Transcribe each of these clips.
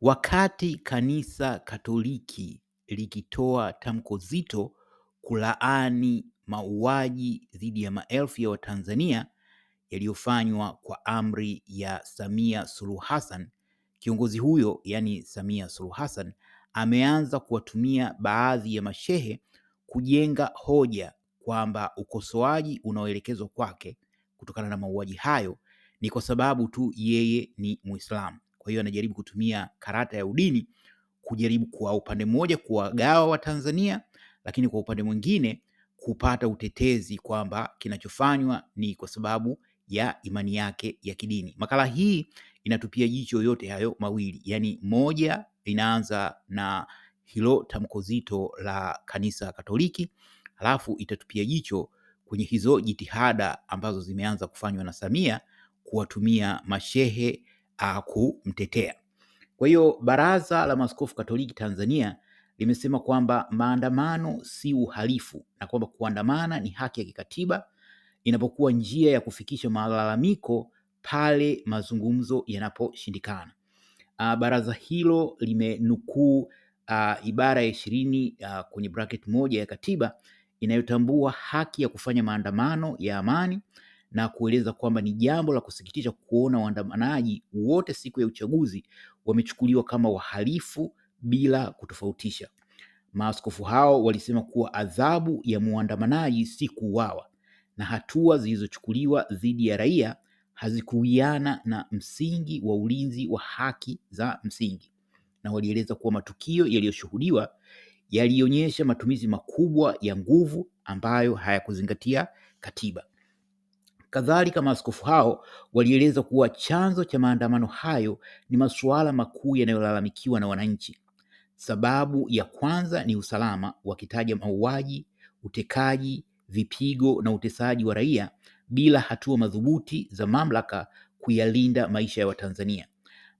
Wakati Kanisa Katoliki likitoa tamko zito kulaani mauaji dhidi ya maelfu ya Watanzania yaliyofanywa kwa amri ya Samia Suluhu Hassan, kiongozi huyo yaani Samia Suluhu Hassan ameanza kuwatumia baadhi ya mashehe kujenga hoja kwamba ukosoaji unaoelekezwa kwake kutokana na mauaji hayo ni kwa sababu tu yeye ni Muislamu. Kwa hiyo anajaribu kutumia karata ya udini kujaribu kwa upande mmoja kuwagawa Watanzania, lakini kwa upande mwingine kupata utetezi kwamba kinachofanywa ni kwa sababu ya imani yake ya kidini. Makala hii inatupia jicho yote hayo mawili, yaani moja inaanza na hilo tamko zito la kanisa Katoliki, halafu itatupia jicho kwenye hizo jitihada ambazo zimeanza kufanywa na Samia kuwatumia mashehe uh, kumtetea. Kwa hiyo Baraza la Maaskofu Katoliki Tanzania limesema kwamba maandamano si uhalifu na kwamba kuandamana ni haki ya kikatiba inapokuwa njia ya kufikisha malalamiko pale mazungumzo yanaposhindikana. Uh, baraza hilo limenukuu uh, ibara ya ishirini uh, kwenye bracket moja ya katiba inayotambua haki ya kufanya maandamano ya amani na kueleza kwamba ni jambo la kusikitisha kuona waandamanaji wote siku ya uchaguzi wamechukuliwa kama wahalifu bila kutofautisha. Maaskofu hao walisema kuwa adhabu ya muandamanaji si kuuawa na hatua zilizochukuliwa dhidi ya raia hazikuwiana na msingi wa ulinzi wa haki za msingi, na walieleza kuwa matukio yaliyoshuhudiwa yalionyesha matumizi makubwa ya nguvu ambayo hayakuzingatia katiba. Kadhalika, maaskofu hao walieleza kuwa chanzo cha maandamano hayo ni masuala makuu yanayolalamikiwa na wananchi. Sababu ya kwanza ni usalama, wakitaja mauaji, utekaji, vipigo na utesaji wa raia bila hatua madhubuti za mamlaka kuyalinda maisha ya Watanzania.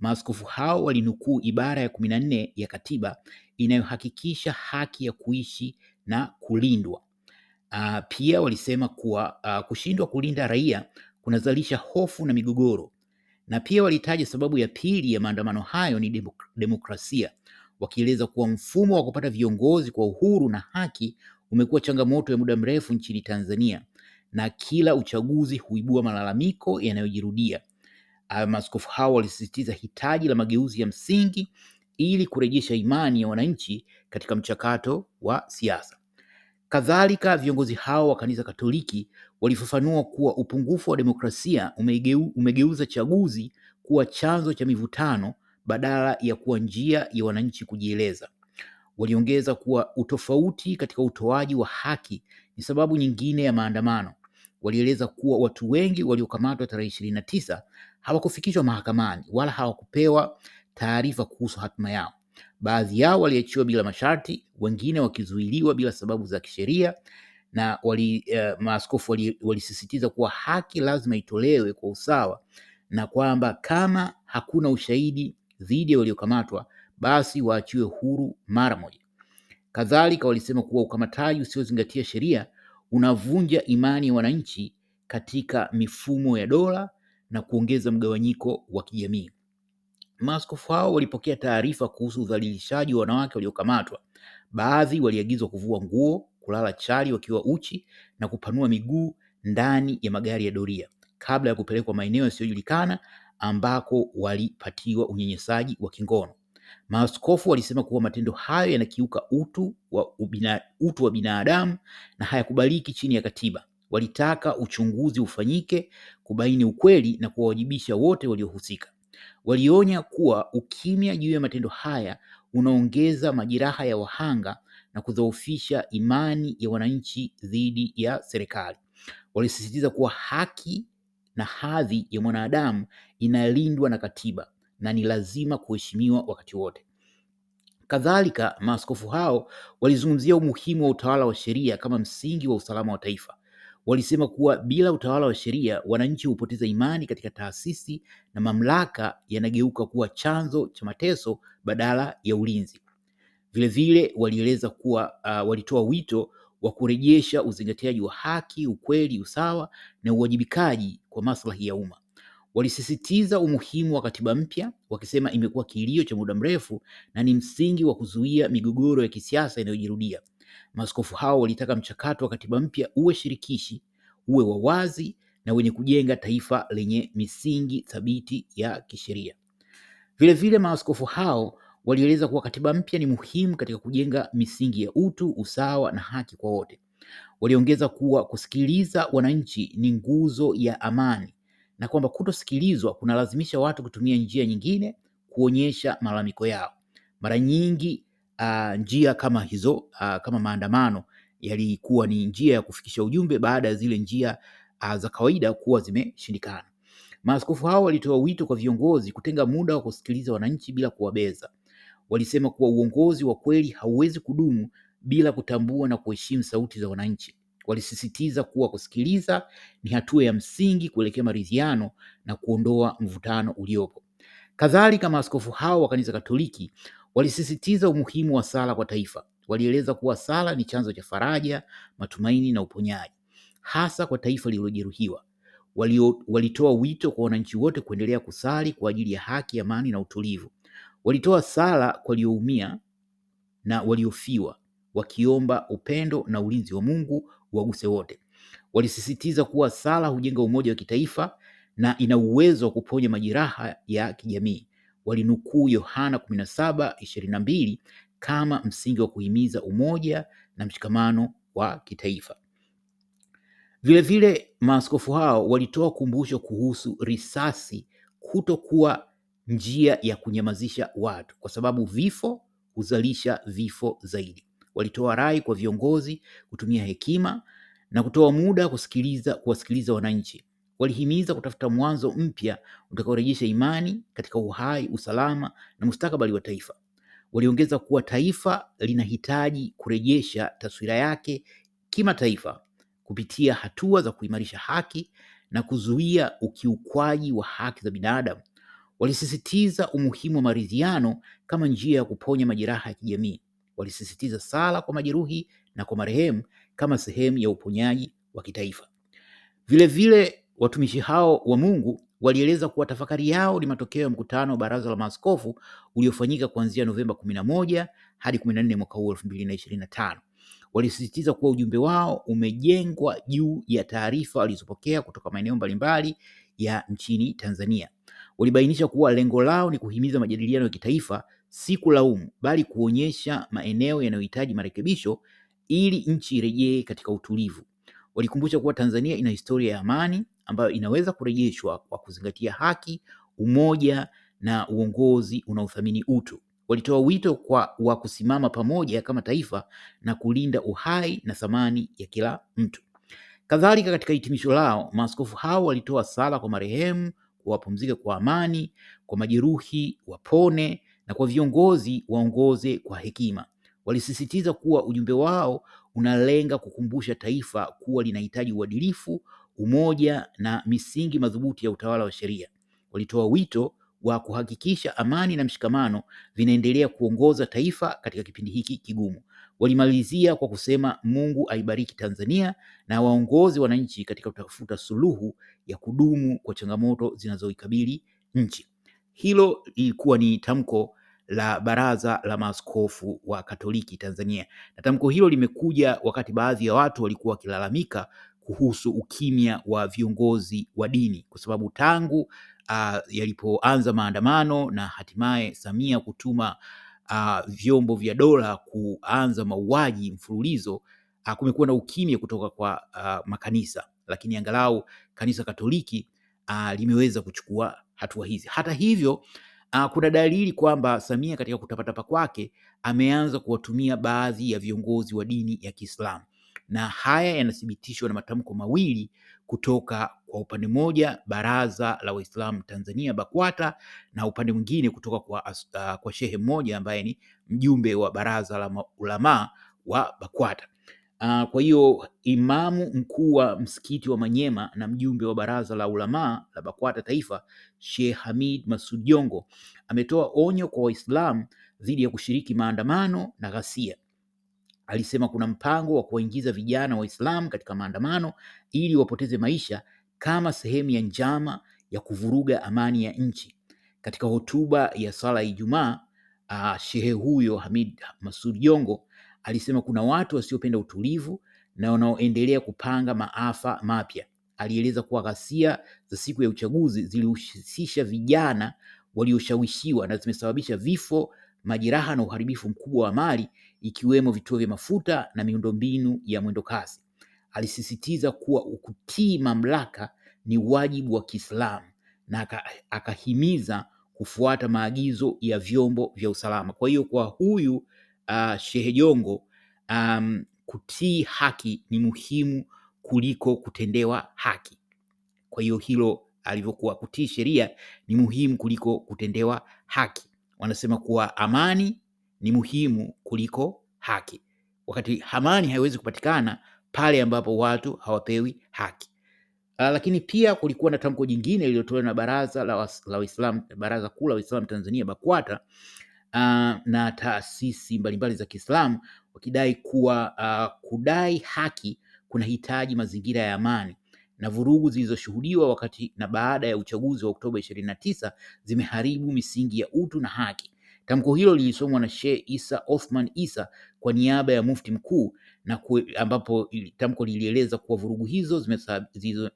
Maaskofu hao walinukuu ibara ya kumi na nne ya katiba inayohakikisha haki ya kuishi na kulindwa Uh, pia walisema kuwa uh, kushindwa kulinda raia kunazalisha hofu na migogoro, na pia walitaja sababu ya pili ya maandamano hayo ni demok demokrasia, wakieleza kuwa mfumo wa kupata viongozi kwa uhuru na haki umekuwa changamoto ya muda mrefu nchini Tanzania na kila uchaguzi huibua malalamiko yanayojirudia. Uh, ah, maskofu hao walisisitiza hitaji la mageuzi ya msingi ili kurejesha imani ya wananchi katika mchakato wa siasa. Kadhalika, viongozi hao wa Kanisa Katoliki walifafanua kuwa upungufu wa demokrasia umegeu, umegeuza chaguzi kuwa chanzo cha mivutano badala ya kuwa njia ya wananchi kujieleza. Waliongeza kuwa utofauti katika utoaji wa haki ni sababu nyingine ya maandamano. Walieleza kuwa watu wengi waliokamatwa tarehe ishirini na tisa hawakufikishwa mahakamani wala hawakupewa taarifa kuhusu hatima yao. Baadhi yao waliachiwa bila masharti, wengine wakizuiliwa bila sababu za kisheria na wali, uh, maaskofu walisisitiza wali kuwa haki lazima itolewe kwa usawa na kwamba kama hakuna ushahidi dhidi ya waliokamatwa basi waachiwe huru mara moja. Kadhalika walisema kuwa ukamataji usiozingatia sheria unavunja imani ya wananchi katika mifumo ya dola na kuongeza mgawanyiko wa kijamii. Maaskofu hao walipokea taarifa kuhusu udhalilishaji wa wanawake waliokamatwa. Baadhi waliagizwa kuvua nguo, kulala chali wakiwa uchi na kupanua miguu ndani ya magari ya doria kabla ya kupelekwa maeneo yasiyojulikana ambako walipatiwa unyenyesaji wa kingono. Maaskofu walisema kuwa matendo hayo yanakiuka utu wa ubina, utu wa binadamu na hayakubaliki chini ya katiba. Walitaka uchunguzi ufanyike kubaini ukweli na kuwawajibisha wote waliohusika. Walionya kuwa ukimya juu ya matendo haya unaongeza majeraha ya wahanga na kudhoofisha imani ya wananchi dhidi ya serikali. Walisisitiza kuwa haki na hadhi ya mwanadamu inalindwa na katiba na ni lazima kuheshimiwa wakati wote. Kadhalika, maaskofu hao walizungumzia umuhimu wa utawala wa sheria kama msingi wa usalama wa taifa walisema kuwa bila utawala wa sheria, wananchi hupoteza imani katika taasisi na mamlaka yanageuka kuwa chanzo cha mateso badala ya ulinzi. Vilevile walieleza kuwa uh, walitoa wito wa kurejesha uzingatiaji wa haki, ukweli, usawa na uwajibikaji kwa maslahi ya umma. Walisisitiza umuhimu wa katiba mpya, wakisema imekuwa kilio cha muda mrefu na ni msingi wa kuzuia migogoro ya kisiasa inayojirudia. Maaskofu hao walitaka mchakato wa katiba mpya uwe shirikishi, uwe wa wazi na wenye kujenga taifa lenye misingi thabiti ya kisheria. Vilevile, maaskofu hao walieleza kuwa katiba mpya ni muhimu katika kujenga misingi ya utu, usawa na haki kwa wote. Waliongeza kuwa kusikiliza wananchi ni nguzo ya amani na kwamba kutosikilizwa kunalazimisha watu kutumia njia nyingine kuonyesha malalamiko yao. Mara nyingi uh, njia kama hizo uh, kama maandamano yalikuwa ni njia ya kufikisha ujumbe baada ya zile njia uh, za kawaida kuwa zimeshindikana. Maaskofu hao walitoa wito kwa viongozi kutenga muda wa kusikiliza wananchi bila kuwabeza. Walisema kuwa uongozi wa kweli hauwezi kudumu bila kutambua na kuheshimu sauti za wananchi. Walisisitiza kuwa kusikiliza ni hatua ya msingi kuelekea maridhiano na kuondoa mvutano uliopo. Kadhalika, maaskofu hao wa Kanisa Katoliki Walisisitiza umuhimu wa sala kwa taifa. Walieleza kuwa sala ni chanzo cha faraja, matumaini na uponyaji, hasa kwa taifa lililojeruhiwa. Walitoa wito kwa wananchi wote kuendelea kusali kwa ajili ya haki, amani na utulivu. Walitoa sala kwa walioumia na waliofiwa, wakiomba upendo na ulinzi wa Mungu waguse wote. Walisisitiza kuwa sala hujenga umoja wa kitaifa na ina uwezo wa kuponya majeraha ya kijamii walinukuu Yohana 17:22 kama msingi wa kuhimiza umoja na mshikamano wa kitaifa. Vilevile, maaskofu hao walitoa kumbusho kuhusu risasi kutokuwa njia ya kunyamazisha watu, kwa sababu vifo huzalisha vifo zaidi. Walitoa rai kwa viongozi kutumia hekima na kutoa muda kusikiliza kuwasikiliza wananchi walihimiza kutafuta mwanzo mpya utakaorejesha imani katika uhai, usalama na mustakabali wa taifa. Waliongeza kuwa taifa linahitaji kurejesha taswira yake kimataifa kupitia hatua za kuimarisha haki na kuzuia ukiukwaji wa haki za binadamu. Walisisitiza umuhimu wa maridhiano kama njia ya kuponya majeraha ya kijamii. Walisisitiza sala kwa majeruhi na kwa marehemu kama sehemu ya uponyaji wa kitaifa. Vilevile Watumishi hao wa Mungu walieleza kuwa tafakari yao ni matokeo ya mkutano wa Baraza la Maaskofu uliofanyika kuanzia Novemba kumi na moja hadi kumi na nne mwaka huu elfu mbili na ishirini na tano. Walisisitiza kuwa ujumbe wao umejengwa juu ya taarifa walizopokea kutoka maeneo mbalimbali ya nchini Tanzania. Walibainisha kuwa lengo lao ni kuhimiza majadiliano ya kitaifa, si kulaumu, bali kuonyesha maeneo yanayohitaji marekebisho ili nchi irejee katika utulivu. Walikumbusha kuwa Tanzania ina historia ya amani ambayo inaweza kurejeshwa kwa kuzingatia haki, umoja na uongozi unaothamini utu. Walitoa wito kwa wa kusimama pamoja kama taifa na kulinda uhai na thamani ya kila mtu. Kadhalika, katika hitimisho lao, maaskofu hao walitoa sala kwa marehemu, kuwapumzika kwa amani, kwa majeruhi wapone, na kwa viongozi waongoze kwa hekima. Walisisitiza kuwa ujumbe wao unalenga kukumbusha taifa kuwa linahitaji uadilifu, umoja na misingi madhubuti ya utawala wa sheria. Walitoa wito wa kuhakikisha amani na mshikamano vinaendelea kuongoza taifa katika kipindi hiki kigumu. Walimalizia kwa kusema Mungu aibariki Tanzania na waongozi wananchi katika kutafuta suluhu ya kudumu kwa changamoto zinazoikabili nchi. Hilo lilikuwa ni tamko la Baraza la Maaskofu wa Katoliki Tanzania, na tamko hilo limekuja wakati baadhi ya watu walikuwa wakilalamika kuhusu ukimya wa viongozi wa dini kwa sababu tangu uh, yalipoanza maandamano na hatimaye Samia kutuma uh, vyombo vya dola kuanza mauaji mfululizo uh, kumekuwa na ukimya kutoka kwa uh, makanisa, lakini angalau kanisa Katoliki uh, limeweza kuchukua hatua hizi. Hata hivyo Uh, kuna dalili kwamba Samia katika kutapatapa kwake ameanza kuwatumia baadhi ya viongozi wa dini ya Kiislamu, na haya yanathibitishwa na matamko mawili kutoka kwa upande mmoja Baraza la Waislamu Tanzania BAKWATA na upande mwingine kutoka kwa, uh, kwa shehe mmoja ambaye ni mjumbe wa Baraza la Maulamaa wa BAKWATA. Uh, kwa hiyo imamu mkuu wa msikiti wa Manyema na mjumbe wa baraza la ulamaa la BAKWATA taifa Sheikh Hamid Masud Jongo ametoa onyo kwa Waislamu dhidi ya kushiriki maandamano na ghasia. Alisema kuna mpango wa kuwaingiza vijana Waislamu katika maandamano ili wapoteze maisha kama sehemu ya njama ya kuvuruga amani ya nchi. Katika hotuba ya sala ya Ijumaa, uh, shehe huyo Hamid Masud Jongo Alisema kuna watu wasiopenda utulivu na wanaoendelea kupanga maafa mapya. Alieleza kuwa ghasia za siku ya uchaguzi zilihusisha vijana walioshawishiwa na zimesababisha vifo, majeraha na uharibifu mkubwa wa mali ikiwemo vituo vya mafuta na miundombinu ya mwendokasi. Alisisitiza kuwa kutii mamlaka ni wajibu wa Kiislamu na akahimiza kufuata maagizo ya vyombo vya usalama. Kwa hiyo kwa huyu uh, Shehe Jongo um, kutii haki ni muhimu kuliko kutendewa haki. Kwa hiyo hilo alivyokuwa kutii sheria ni muhimu kuliko kutendewa haki. Wanasema kuwa amani ni muhimu kuliko haki, wakati amani haiwezi kupatikana pale ambapo watu hawapewi haki. Ah, lakini pia kulikuwa na tamko jingine lililotolewa na Baraza la Waislamu, Baraza Kuu la Waislamu Tanzania BAKWATA uh, na taasisi mbalimbali za Kiislamu wakidai kuwa uh, kudai haki kunahitaji mazingira ya amani na vurugu zilizoshuhudiwa wakati na baada ya uchaguzi wa Oktoba ishirini na tisa zimeharibu misingi ya utu na haki. Tamko hilo lilisomwa na Sheikh Isa Othman Isa kwa niaba ya Mufti Mkuu na kwe, ambapo tamko lilieleza kuwa vurugu hizo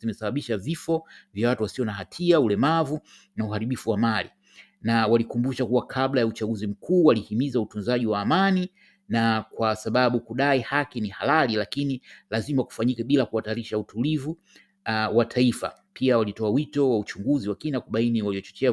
zimesababisha vifo vya watu wasio na hatia, ulemavu na uharibifu wa mali na walikumbusha kuwa kabla ya uchaguzi mkuu walihimiza utunzaji wa amani na kwa sababu kudai haki ni halali, lakini lazima kufanyike bila kuhatarisha utulivu uh, wa taifa. Pia walitoa wito wa uchunguzi wa kina kubaini waliochochea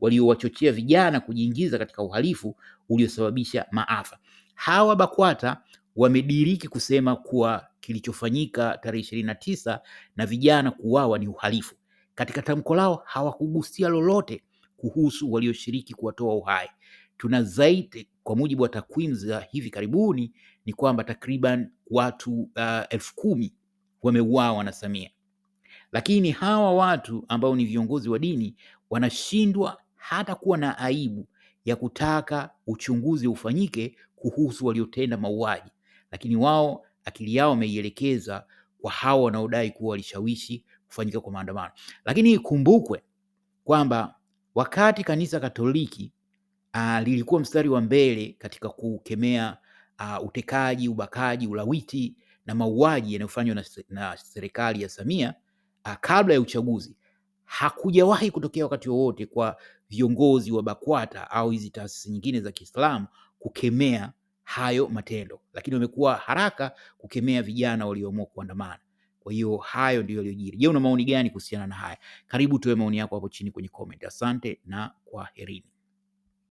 waliowachochea vijana kujiingiza katika uhalifu uliosababisha maafa. Hawa BAKWATA wamediriki kusema kuwa kilichofanyika tarehe ishirini na tisa na vijana kuuawa ni uhalifu. Katika tamko lao hawakugusia lolote kuhusu walioshiriki kuwatoa uhai. Tuna zaidi, kwa mujibu wa takwimu za hivi karibuni, ni kwamba takriban watu uh, elfu kumi wameuawa na Samia, lakini hawa watu ambao ni viongozi wa dini wanashindwa hata kuwa na aibu ya kutaka uchunguzi ufanyike kuhusu waliotenda mauaji, lakini wao akili yao wameielekeza kwa hawa wanaodai kuwa walishawishi kufanyika kwa maandamano. Lakini ikumbukwe kwamba Wakati kanisa Katoliki uh, lilikuwa mstari wa mbele katika kukemea uh, utekaji, ubakaji, ulawiti na mauaji yanayofanywa na, na serikali ya Samia uh, kabla ya uchaguzi, hakujawahi kutokea wakati wowote kwa viongozi wa BAKWATA au hizi taasisi nyingine za Kiislamu kukemea hayo matendo, lakini wamekuwa haraka kukemea vijana walioamua kuandamana. Kwa hiyo hayo ndio yaliyojiri. Je, una maoni gani kuhusiana na haya? Karibu tuwe maoni yako hapo chini kwenye comment. Asante na kwaherini.